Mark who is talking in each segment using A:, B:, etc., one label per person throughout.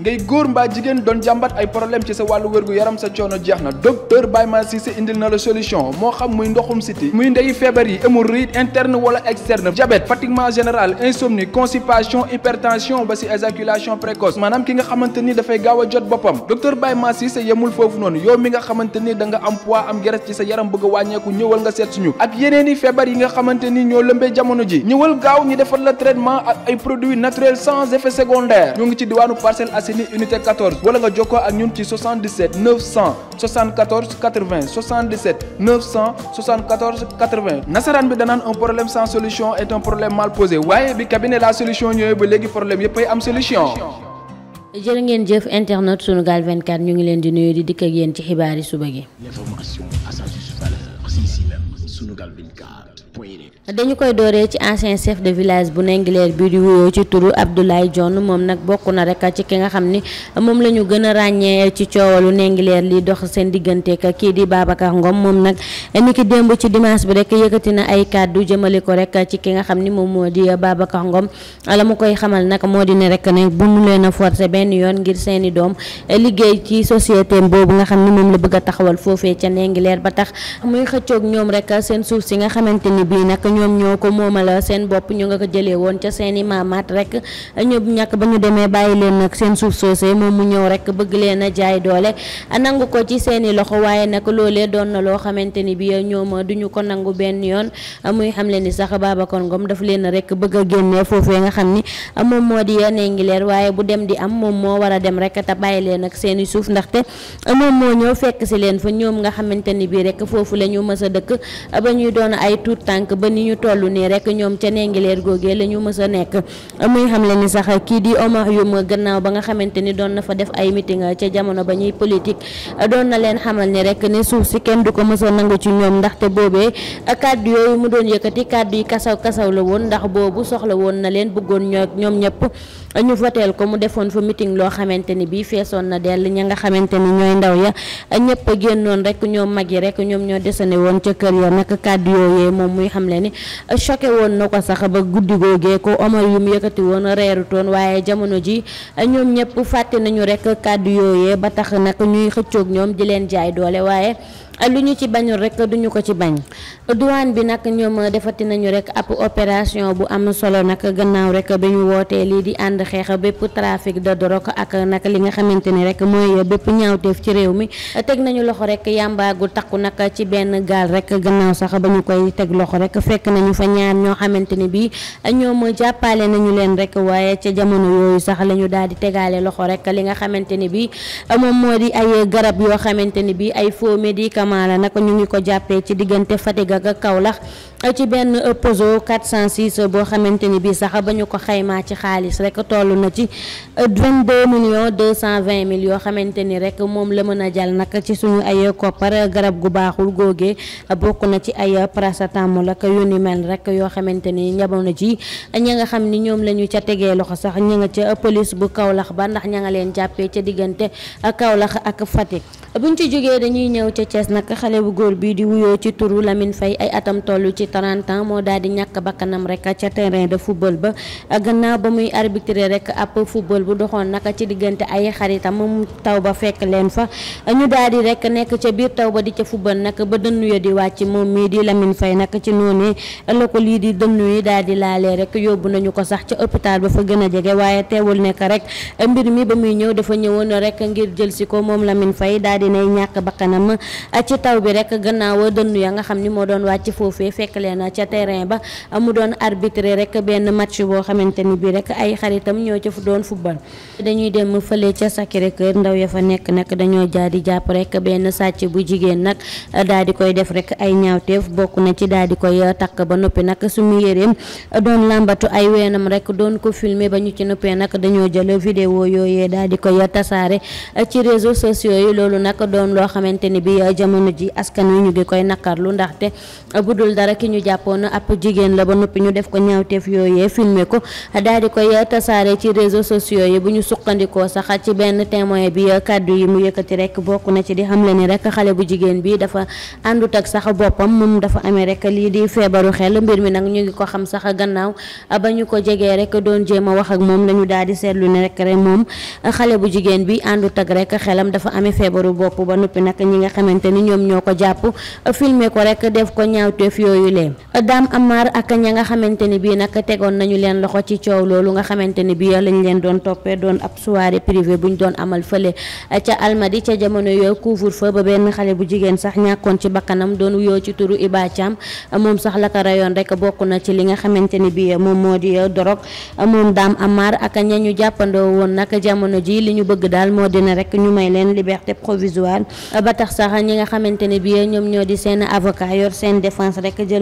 A: ngay góor mbaa jigéen doon jàmbat ay problème ci sa wàllu wérgu yaram sa coono jeex na docteur Baye Mar Cissé indil na la solution moo xam muy ndoxum siti muy ndeyu feebar yi hémorroïde interne wala externe diabète fatiguement général insomnie constipation hypertension ba si éjaculation précoce maanaam ki nga xamante ni dafay gaaw a jot boppam docteur Baye Mar Cissé yemul foofu noonu yow mi nga xamante ni da nga am poids am graisse ci sa yaram bëgg a wàññeeku ñëwal nga seet suñu ak yeneen i feebar yi nga xamante ni ñoo lëmbee jamono ji ñëwal gaaw ñu defal la traitement ay produits naturels sans effet Assainies unité 14 wala nga jokkoo ak ñun ci 77 900 74 80 77 900 74 80 nasaraan bi danaan un problème sans solution est un problème mal posé waaye bi cabinet la solution ñëwee ba léegi problème yëpp am solution.
B: jërë ngeen jëf internet Sunugal 24 ñu ngi leen di nuyu di dikk ak yéen ci xibaari suba gi. dañu koy dooree ci ancien chef de village bu Nengileer bi di wuyoo ci turu Abdoulaye John moom nag bokk na rek ci ki nga xam ni moom la ñu gën a ràññee ci coowalu Nengileer li dox seen diggante ka kii di Babacar Ngom moom nag ni ki démb ci dimanche bi rek yëkkati na ay kàddu jëmale ko rek ci ki nga xam ni moom moo di Babacar Ngom la mu koy xamal nag moo di ne rek ne bu ñu leen a forcé benn yoon ngir seeni doom liggéey ci société boobu nga xam ni moom la bëgg a taxawal foofee ca Nengileer ba tax muy xëccoog ñoom rek seen suuf si nga xamante ni bi nag ñoom ñoo ko moomal seen bopp ñu nga ko jëlee woon ca seen i maamaat rek ñu ñàkk ba ñu demee bàyyi leen nag seen suuf soosee moom mu ñëw rek bëgg leen a jaay doole nangu ko ci seen i loxo waaye nag loolee doon na loo xamante ni bi ñoom duñu ko nangu benn yoon muy xam leen ni sax Babacar Ngom daf leen rek bëgg a génne foofee nga xam ni moom moo di Ndingler waaye bu dem di am moom moo war dem rek te bàyyi leen ak seen suuf ndaxte moom moo ñëw fekk si leen fa ñoom nga xamante ni bi rek foofu la ñu mës a dëkk ba ñuy doon ay tuut sànq ba ni ñu toll nii rek ñoom ca nengileer googee la ñu mës a nekk muy xam ni sax kii di Omar Youm gannaaw ba nga xamante ni doon na fa def ay meeting ca jamono ba ñuy politique doon na leen xamal ni rek ne suuf si kenn du ko mës a nangu ci ñoom ndaxte boobee kàddu yooyu mu doon yëkkati kàddu yi kasaw kasaw la woon ndax boobu soxla woon na leen bëggoon ñoo ñoom ñëpp ñu voteel ko mu defoon fa meeting loo xamante ni bii feesoon na dell ña nga xamante ni ñooy ndaw ya a génnoon rek ñoom mag yi rek ñoom ñoo desane woon muy xamle ni choqué woon noo ko sax ba guddi googee ko Omar yu mu yëkkati woon reeru toon waaye jamono ji ñoom ñëpp fàtte nañu rek kàddu yooye ba tax nag ñuy xëccoog ñoom di leen jaay doole waaye lu ñu ci bañul rek duñu ko ci bañ douane bi nag ñoom defati nañu rek ab opération bu am solo nag gannaaw rek bi ñu wootee lii di ànd xeex bépp trafic de drogue ak nag li nga xamante ni rek mooy bépp ñaawteef ci réew mi teg nañu loxo rek yàmbaagu takku nag ci benn gaal rek gannaaw sax ba ñu koy teg loxo rek fekk nañu fa ñaar ñoo xamante ni bii ñoom jàppale nañu leen rek waaye ca jamono yooyu sax la ñu daal di tegaale loxo rek li nga xamante ni bii moom moo di ni bii ay Camara nag ñu ngi ko jàppee ci diggante Fatick ak Kaolack ci benn Peugeot 406 euh, boo xamante ni bii sax ba ñu ko xaymaa ci xaalis rek toll na ci 22 euh, millions 220 mille yoo xamante ni rek moom la mën a jàll nag ci suñu ay koppar euh, garab gu baaxul góogee bokk na ci ay paracetamol ak yu ni mel rek yoo xamante ni jamono ji ña nga xam ni ñoom la ñu ca tegee loxo sax ña nga ca police bu Kaolack ba ndax ña nga leen jàppee ca diggante ak Kaolack ak Fatick buñ ci jógee dañuy ñëw ca Thiès nag xale bu góor bi di wuyoo ci turu Lamine 30 ans moo daal di ñàkk bakkanam rek ca terrain de football ba gannaaw ba muy arbitré rek ab football bu doxoon naka ci diggante ay xaritam mu taw ba fekk leen fa ñu daal di rek ca biir taw ba di ca football nag ba dënnu ya di wàcc moom mii di Lamine Faye nag ci noonu la ko lii di dënnu yi daal di laalee rek yóbbu nañu ko sax ca hôpital ba fa gën a jege waaye teewul nekk rek mbir mi ba muy ñëw dafa ñëwoon rek ngir jël si ko moom Lamine Faye daal di nay ñàkk bakkanam ci taw bi nga xam ni moo doon wàcc foofee fekk fekk leen ca terrain ba mu doon arbitré rek benn match boo xamante ni bii rek ay xaritam ñoo ca fu doon football dañuy dem fële ca Sacré-Cœur ndaw ya fa nekk nag dañoo jaadi jàpp rek benn sàcc bu jigéen nag daal di koy def rek ay ñaawteef bokk na ci daal di koy takk ba noppi nag suñu yéreem doon làmbatu ay weenam rek doon ko filmer ba ñu ci noppee nag dañoo jël vidéo yooyee daal di koy tasaare ci réseaux sociaux yi loolu nag doon loo xamante ni bi jamono ji askan wi ñu ngi koy naqarlu ndaxte budul dara ki ki ñu jàppoon ab jigéen la ba noppi ñu def ko ñaawteef yooyee filmer ko daal ko koy tasaare ci réseaux sociaux yi bu ñu suqandikoo sax ci benn témoin bi kàddu yi mu yëkkati rek bokk na ci di xamle ni rek xale bu jigéen bi dafa àndut ak sax boppam moom dafa amee rek lii di feebaru xel mbir mi nag ñu ngi ko xam sax gannaaw ba ñu ko jegee rek doon jéem a wax ak moom lañu daal di seetlu ne rek moom xale bu jigéen bi àndut ak rek xelam dafa amee feebaru bopp ba noppi nag ñi nga xamante ni ñoom ñoo ko jàpp filmer ko rek def ko ñaawteef yooyu lee Dame Amar ak ña nga xamante ni bii nag tegoon nañu leen loxo ci coow loolu nga xamante ni bii lañ leen doon toppee doon ab soirée privée buñ doon amal fële ca Almadi ca jamono yooyu couvre-feu ba benn xale bu jigéen sax ñàkkoon ci bakkanam doon wuyoo ci turu Iba Thiam moom sax la ko rayoon rek na ci li nga xamante ni bii moom moo di dorog moom Dame Amar ak ña ñu jàppandoo woon nag jamono ji li ñu bëgg daal moo dina rek ñu may leen liberté provisoire ba tax sax ñi nga xamante ni bii ñoom ñoo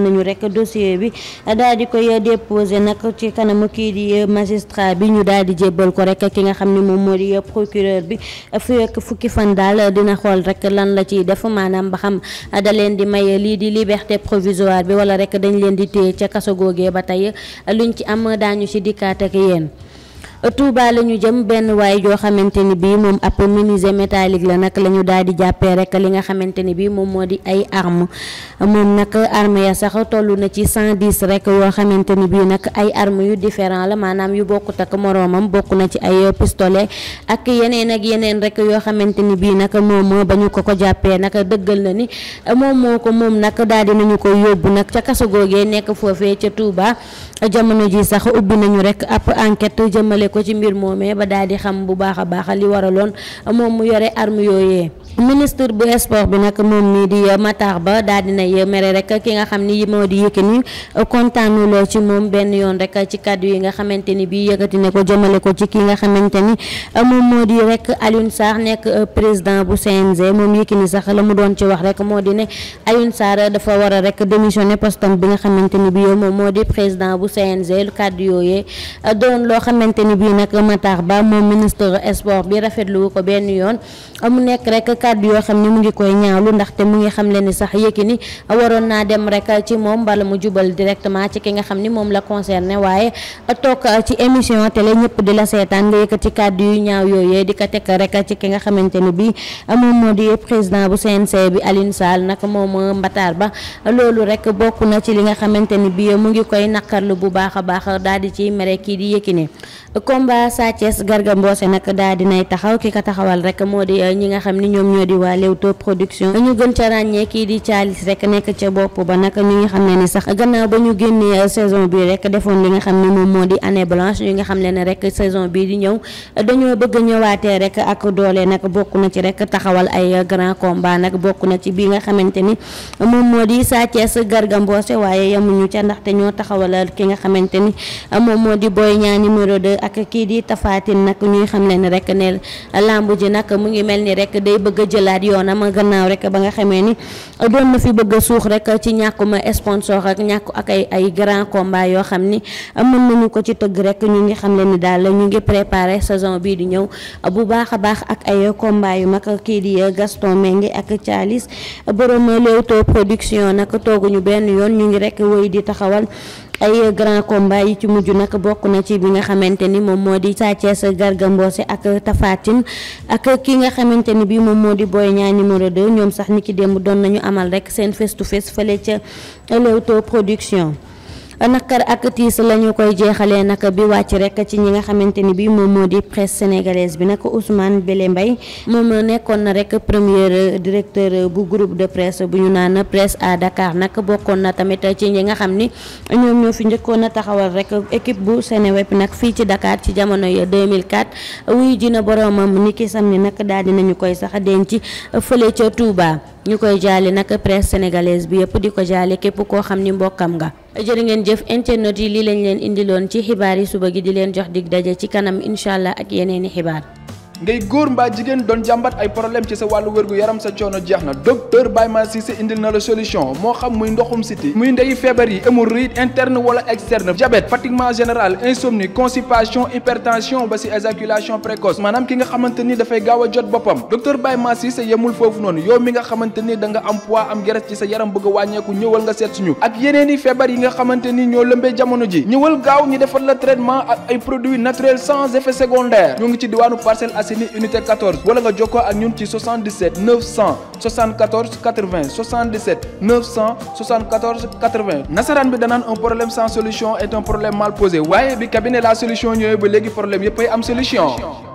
B: nañu rek dossier bi daal ko koy déposé nag ci kanamu kii di magistrat bi ñu daal di jébbal ko rek ki nga xam ne moom moo di procureur bi fi ak fukki fan daal dina xool rek lan la ci def maanaam ba xam da leen di may lii di liberté provisoire bi wala rek dañ leen di téye ca kaso googee ba tey luñ ci am daañu ci dikkaat ak yéen Touba la ñu jëm benn waay joo xamante ni bii moom ab menuisier métallique la nag la ñu daal di jàppee rek li nga xamante ni bii moom moo di ay arme moom nag arme ya sax toll na ci 110 rek yoo xamante ni bii nag ay arme yu différent la maanaam yu bokkut ak moroomam bokk na ci ay pistolet ak yeneen ak yeneen rek yoo xamante ni bii nag moom ba ñu ko ko jàppee nag dëggal na ni moom moo ko moom nag daal di nañu ko yóbbu nag ca kaso googee nekk foofee ca Touba jamono ji sax ubbi nañu rek ab enquête jëmale ko ci mbir moomee ba daal di xam bu baax a baax li waraloon moom mu yore arme yooyee. ministre bu sport bi nag moom mii di Matar Ba daal di nay mere rek ki nga xam ni moo di Yékini kontaanuloo ci moom benn yoon rek ci kàddu yi nga xamante ni bii yëkkati ne ko jëmale ko ci ki nga xamante ni moom moo di rek Alioune Sarr nekk président bu CNG moom Yékini sax la mu doon ci wax rek moo di ne Alioune Sarr dafa war a rek démissionner postam bi nga xamante ni bii moom moo di président bu CNG kàddu yooyee doon loo xamante bi nag Matar Ba moom ministre sport bi rafetlu ko benn yoon a mu nekk rek kàddu yoo xam ni mu ngi koy ndax te mu ngi xam leen ni sax Yékini waroon naa dem rek ci moom bala mu jubal directement ci ki nga xam ni moom la concerné waaye toog ci émission télé ñëpp di la seetaan nga yëkkati kàddu yu ñaaw yooyee di ko teg rek ci ki nga xamante ni bi moom moo di président bu CNC bi Alioune Sall nag moom Matar Ba loolu rek bokk na ci li nga xamante ni bi mu ngi koy naqarlu bu baax a baax daal di ci mere kii di Yékini combat Sa Thiès Garga Mbossé nag daa dinay taxaw ki ko taxawal rek moo di euh, ñi nga xam ni ñoom ñoo di waa Leewtoo production ñu gën ca ràññee kii di Thialis rek nekk ca bopp ba nag ñu nga xam ne ni sax gannaaw ba ñu génnee euh, saison bi rek defoon li nga xam ne moom moo di année blanche ñu nga xam ne ne rek saison bi di ñëw dañoo bëgg ñëwaatee rek ak doole nag bokk na ci rek taxawal ay euh, grand combat nag bokk na ci bi nga xamante ni moom moo di Sa Thiès Garga Mbossé waaye yemuñu ca ndaxte ñoo taxawal ki nga xamante ni kii di tafaatin nag ñuy xam ne ni rek ne lamb ji nag mu ngi mel ni rek day bëgg a jëlaat yoonam gannaaw rek ba nga xamee ni doon na fi bëgg a suux rek ci ñàkkuma sponsor ak ñàkku ak ay ay grand combat yoo xam ni mën nañu ko ci tëgg rek ñu ngi xam leen ni daal ñu ngi préparé saison bii di ñëw bu baax a baax ak ay combat yu mag kii di Gaston Mbengue ak Thialis borom Leewtoo production nag tooguñu benn yoon ñu ngi rek wéy di taxawal ay grand combat yi ci mujj nag bokk na ci bi nga xamante ni moom moo di Sa Thiès Garga Mbossé ak Tapha Tine ak ki nga xamante ni bi moom moo di Boy Niang numéro 2 ñoom sax ni ki démb doon nañu amal rek seen face to face fële ca Leewtoo production nakar ak tiis la ñu koy jeexalee nag bi wàcc rek ci ñi nga xamante ni bi moom moo di presse sénégalaise bi nag Ousmane Bélé mbay moom nekkoon na rek premier directeur bu groupe de presse bu ñu naan presse à Dakar nag bokkoon na tamit ci ñi nga xam ni ñoom ñoo fi njëkkoon a taxawal rek équipe bu Seneweb nag fii ci Dakar ci jamono ya 2004 wuy jina boromam ni kii sam ni nag daal dinañu koy sax denc fële ca Touba ñu koy jaale nag presse sénégalaise bi yëpp di ko jaale képp koo xam ni mbokkam nga jërë ngeen jëf internet yi lii lañ leen indiloon ci xibaar yi suba gi di leen jox dig daje ci kanam incha allah ak yeneeni xibaar
A: ngay góor mbaa jigéen doon jàmbat ay problème ci sa wàllu wérgu yaram sa coono jeex na docteur Baye Ma Cissé indil na la solution moo xam muy ndoxum siti muy ndeyu feebar yi hémorroïde interne wala externe diabète fatiguement général insomnie constipation hypertension ba si éjaculation précoce maanaam ki nga xamante ni dafay gaaw a jot boppam docteur Baye Ma Cissé yemul foofu noonu yoo mi nga xamante ni da nga am poids am graisse ci sa yaram bëgg a wàññeeku ñëwal nga seet suñu ak yeneen i feebar yi nga xamante ni ñoo lëmbee jamono ji ñëwal gaaw ñu defal la traitement ak ay produits naturels sans Parcelles unité 14 wala nga jokkoo ak ñun ci 77 900 74 80 77 900 74 80 nasaraan bi danaan un problème sans solution est un problème mal posé waaye bi cabinet la solution ñëwee ba léegi problème yëpp ay am solution